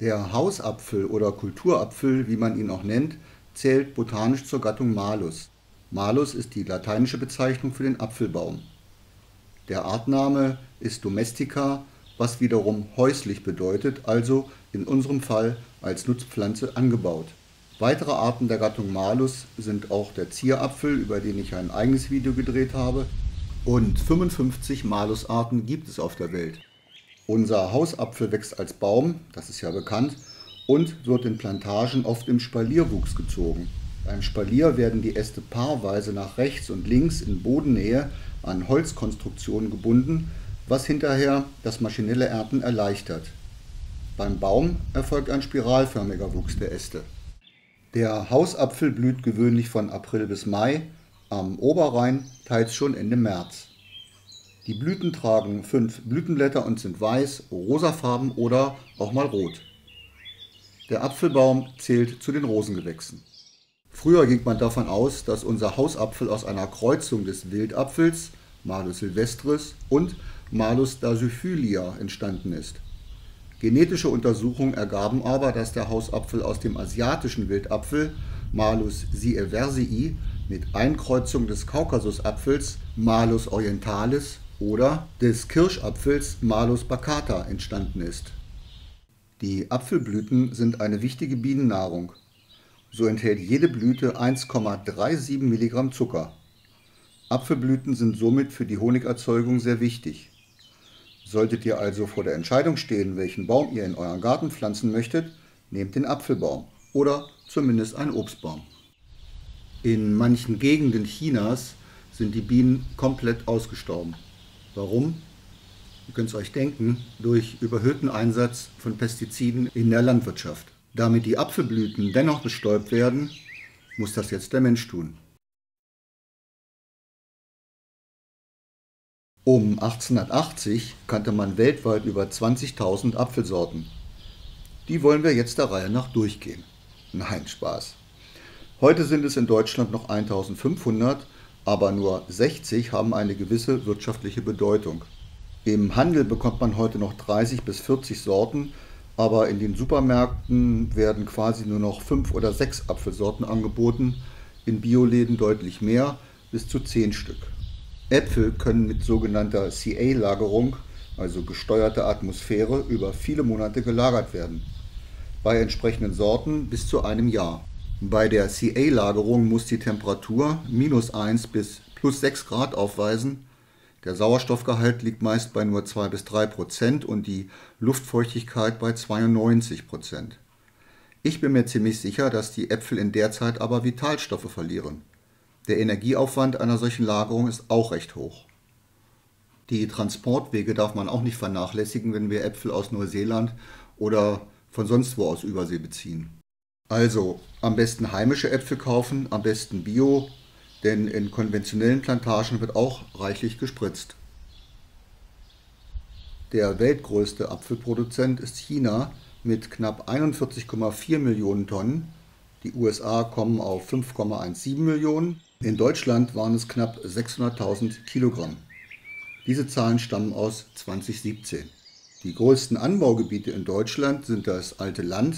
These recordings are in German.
Der Hausapfel oder Kulturapfel, wie man ihn auch nennt, zählt botanisch zur Gattung Malus. Malus ist die lateinische Bezeichnung für den Apfelbaum. Der Artname ist Domestica, was wiederum häuslich bedeutet, also in unserem Fall als Nutzpflanze angebaut. Weitere Arten der Gattung Malus sind auch der Zierapfel, über den ich ein eigenes Video gedreht habe, und 55 Malusarten gibt es auf der Welt. Unser Hausapfel wächst als Baum, das ist ja bekannt, und wird in Plantagen oft im Spalierwuchs gezogen. Beim Spalier werden die Äste paarweise nach rechts und links in Bodennähe an Holzkonstruktionen gebunden, was hinterher das maschinelle Ernten erleichtert. Beim Baum erfolgt ein spiralförmiger Wuchs der Äste. Der Hausapfel blüht gewöhnlich von April bis Mai, am Oberrhein teils schon Ende März. Die Blüten tragen fünf Blütenblätter und sind weiß, rosafarben oder auch mal rot. Der Apfelbaum zählt zu den Rosengewächsen. Früher ging man davon aus, dass unser Hausapfel aus einer Kreuzung des Wildapfels, Malus silvestris und Malus dasyphylia entstanden ist. Genetische Untersuchungen ergaben aber, dass der Hausapfel aus dem asiatischen Wildapfel, Malus sieversii, mit Einkreuzung des Kaukasusapfels, Malus orientalis oder des Kirschapfels Malus baccata entstanden ist. Die Apfelblüten sind eine wichtige Bienennahrung. So enthält jede Blüte 1,37 Milligramm Zucker. Apfelblüten sind somit für die Honigerzeugung sehr wichtig. Solltet ihr also vor der Entscheidung stehen, welchen Baum ihr in euren Garten pflanzen möchtet, nehmt den Apfelbaum oder zumindest einen Obstbaum. In manchen Gegenden Chinas sind die Bienen komplett ausgestorben. Warum? Ihr könnt es euch denken, durch überhöhten Einsatz von Pestiziden in der Landwirtschaft. Damit die Apfelblüten dennoch bestäubt werden, muss das jetzt der Mensch tun. Um 1880 kannte man weltweit über 20.000 Apfelsorten. Die wollen wir jetzt der Reihe nach durchgehen. Nein, Spaß. Heute sind es in Deutschland noch 1500 aber nur 60 haben eine gewisse wirtschaftliche Bedeutung. Im Handel bekommt man heute noch 30 bis 40 Sorten, aber in den Supermärkten werden quasi nur noch 5 oder 6 Apfelsorten angeboten, in Bioläden deutlich mehr, bis zu 10 Stück. Äpfel können mit sogenannter CA-Lagerung, also gesteuerter Atmosphäre, über viele Monate gelagert werden, bei entsprechenden Sorten bis zu einem Jahr. Bei der CA-Lagerung muss die Temperatur minus 1 bis plus 6 Grad aufweisen. Der Sauerstoffgehalt liegt meist bei nur 2 bis 3 Prozent und die Luftfeuchtigkeit bei 92 Prozent. Ich bin mir ziemlich sicher, dass die Äpfel in der Zeit aber Vitalstoffe verlieren. Der Energieaufwand einer solchen Lagerung ist auch recht hoch. Die Transportwege darf man auch nicht vernachlässigen, wenn wir Äpfel aus Neuseeland oder von sonst wo aus Übersee beziehen. Also am besten heimische Äpfel kaufen, am besten Bio, denn in konventionellen Plantagen wird auch reichlich gespritzt. Der weltgrößte Apfelproduzent ist China mit knapp 41,4 Millionen Tonnen. Die USA kommen auf 5,17 Millionen. In Deutschland waren es knapp 600.000 Kilogramm. Diese Zahlen stammen aus 2017. Die größten Anbaugebiete in Deutschland sind das Alte Land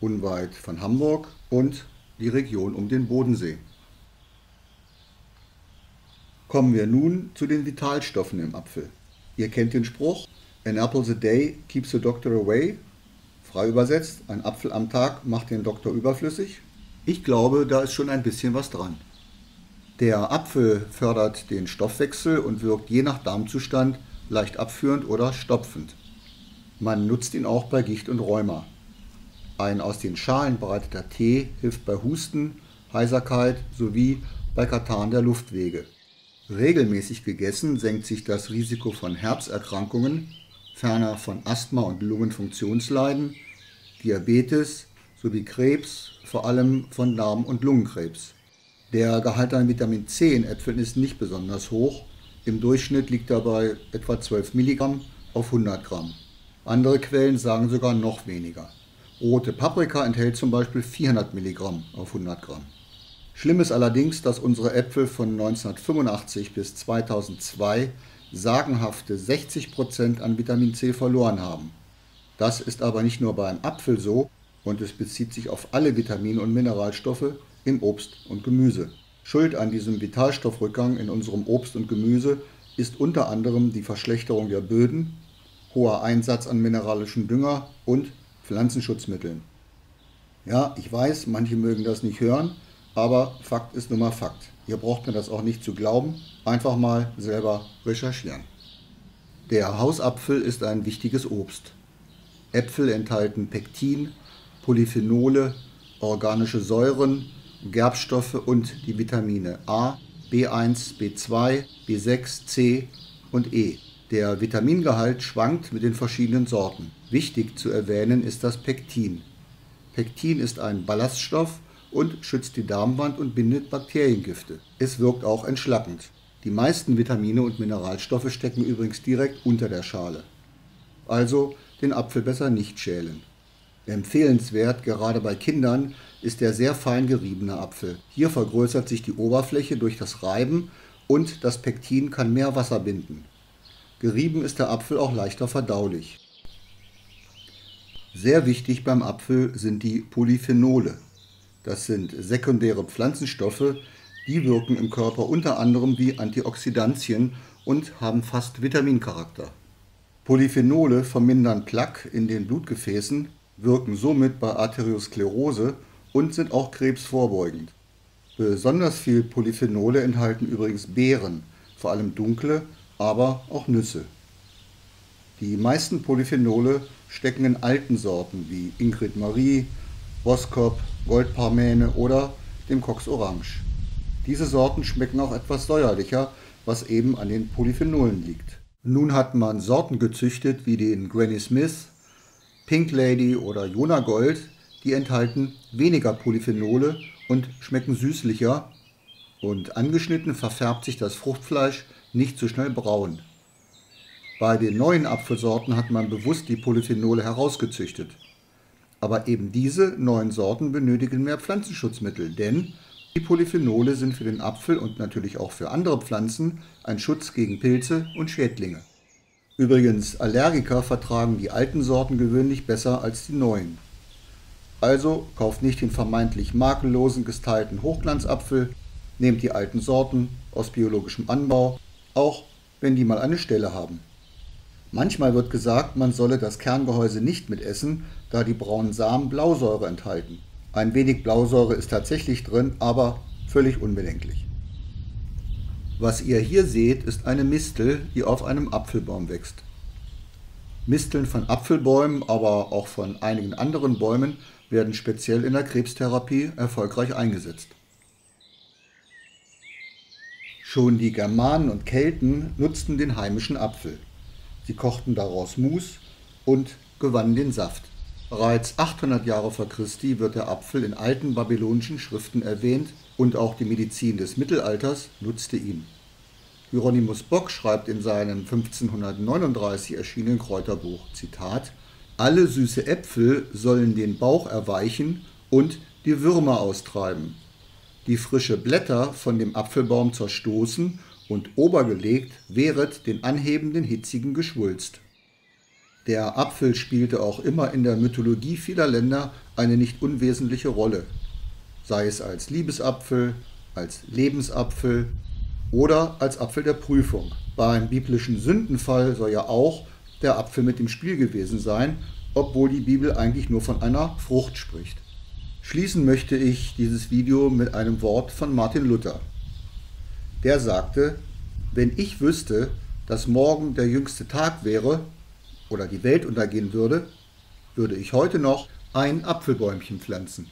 unweit von Hamburg und die Region um den Bodensee. Kommen wir nun zu den Vitalstoffen im Apfel. Ihr kennt den Spruch, an apple a day keeps the doctor away. Frei übersetzt, ein Apfel am Tag macht den Doktor überflüssig. Ich glaube, da ist schon ein bisschen was dran. Der Apfel fördert den Stoffwechsel und wirkt je nach Darmzustand leicht abführend oder stopfend. Man nutzt ihn auch bei Gicht und Rheuma. Ein aus den Schalen bereiteter Tee hilft bei Husten, Heiserkeit sowie bei Katan der Luftwege. Regelmäßig gegessen senkt sich das Risiko von Herzerkrankungen, ferner von Asthma und Lungenfunktionsleiden, Diabetes sowie Krebs, vor allem von Darm- und Lungenkrebs. Der Gehalt an Vitamin C in Äpfeln ist nicht besonders hoch. Im Durchschnitt liegt er bei etwa 12 Milligramm auf 100 Gramm. Andere Quellen sagen sogar noch weniger. Rote Paprika enthält zum Beispiel 400 Milligramm auf 100 Gramm. Schlimm ist allerdings, dass unsere Äpfel von 1985 bis 2002 sagenhafte 60% Prozent an Vitamin C verloren haben. Das ist aber nicht nur beim Apfel so und es bezieht sich auf alle Vitamine und Mineralstoffe im Obst und Gemüse. Schuld an diesem Vitalstoffrückgang in unserem Obst und Gemüse ist unter anderem die Verschlechterung der Böden, hoher Einsatz an mineralischem Dünger und Pflanzenschutzmitteln. Ja, ich weiß, manche mögen das nicht hören, aber Fakt ist nun mal Fakt. Ihr braucht mir das auch nicht zu glauben, einfach mal selber recherchieren. Der Hausapfel ist ein wichtiges Obst. Äpfel enthalten Pektin, Polyphenole, organische Säuren, Gerbstoffe und die Vitamine A, B1, B2, B6, C und E. Der Vitamingehalt schwankt mit den verschiedenen Sorten. Wichtig zu erwähnen ist das Pektin. Pektin ist ein Ballaststoff und schützt die Darmwand und bindet Bakteriengifte. Es wirkt auch entschlackend. Die meisten Vitamine und Mineralstoffe stecken übrigens direkt unter der Schale. Also den Apfel besser nicht schälen. Empfehlenswert, gerade bei Kindern, ist der sehr fein geriebene Apfel. Hier vergrößert sich die Oberfläche durch das Reiben und das Pektin kann mehr Wasser binden. Gerieben ist der Apfel auch leichter verdaulich. Sehr wichtig beim Apfel sind die Polyphenole. Das sind sekundäre Pflanzenstoffe, die wirken im Körper unter anderem wie Antioxidantien und haben fast Vitamincharakter. Polyphenole vermindern Plaque in den Blutgefäßen, wirken somit bei Arteriosklerose und sind auch krebsvorbeugend. Besonders viel Polyphenole enthalten übrigens Beeren, vor allem dunkle, aber auch Nüsse. Die meisten Polyphenole stecken in alten Sorten wie Ingrid Marie, Boskop, Goldparmäne oder dem Cox Orange. Diese Sorten schmecken auch etwas säuerlicher, was eben an den Polyphenolen liegt. Nun hat man Sorten gezüchtet wie den Granny Smith, Pink Lady oder Jona Gold, die enthalten weniger Polyphenole und schmecken süßlicher. Und angeschnitten verfärbt sich das Fruchtfleisch nicht zu schnell brauen. Bei den neuen Apfelsorten hat man bewusst die Polyphenole herausgezüchtet. Aber eben diese neuen Sorten benötigen mehr Pflanzenschutzmittel, denn die Polyphenole sind für den Apfel und natürlich auch für andere Pflanzen ein Schutz gegen Pilze und Schädlinge. Übrigens, Allergiker vertragen die alten Sorten gewöhnlich besser als die neuen. Also kauft nicht den vermeintlich makellosen gestylten Hochglanzapfel, nehmt die alten Sorten aus biologischem Anbau auch wenn die mal eine Stelle haben. Manchmal wird gesagt, man solle das Kerngehäuse nicht mitessen, da die braunen Samen Blausäure enthalten. Ein wenig Blausäure ist tatsächlich drin, aber völlig unbedenklich. Was ihr hier seht, ist eine Mistel, die auf einem Apfelbaum wächst. Misteln von Apfelbäumen, aber auch von einigen anderen Bäumen werden speziell in der Krebstherapie erfolgreich eingesetzt. Schon die Germanen und Kelten nutzten den heimischen Apfel. Sie kochten daraus Mus und gewannen den Saft. Bereits 800 Jahre vor Christi wird der Apfel in alten babylonischen Schriften erwähnt und auch die Medizin des Mittelalters nutzte ihn. Hieronymus Bock schreibt in seinem 1539 erschienenen Kräuterbuch, Zitat, Alle süße Äpfel sollen den Bauch erweichen und die Würmer austreiben die frische Blätter von dem Apfelbaum zerstoßen und obergelegt wehret den anhebenden hitzigen Geschwulst. Der Apfel spielte auch immer in der Mythologie vieler Länder eine nicht unwesentliche Rolle, sei es als Liebesapfel, als Lebensapfel oder als Apfel der Prüfung. Beim biblischen Sündenfall soll ja auch der Apfel mit im Spiel gewesen sein, obwohl die Bibel eigentlich nur von einer Frucht spricht. Schließen möchte ich dieses Video mit einem Wort von Martin Luther. Der sagte, wenn ich wüsste, dass morgen der jüngste Tag wäre oder die Welt untergehen würde, würde ich heute noch ein Apfelbäumchen pflanzen.